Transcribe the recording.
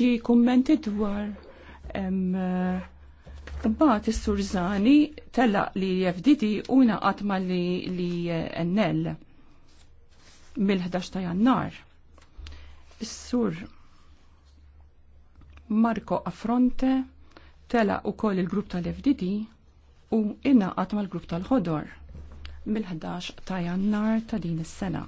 ġi kummenti dwar eh, Bat is-Surzani telaq li FDD u naqat ma li, li eh, NL mill-11 ta' jannar. Is-Sur Marco Affronte telaq u koll il-grupp tal-FDD u inna ma l-grupp tal-ħodor mill-11 ta' jannar ta' din is-sena.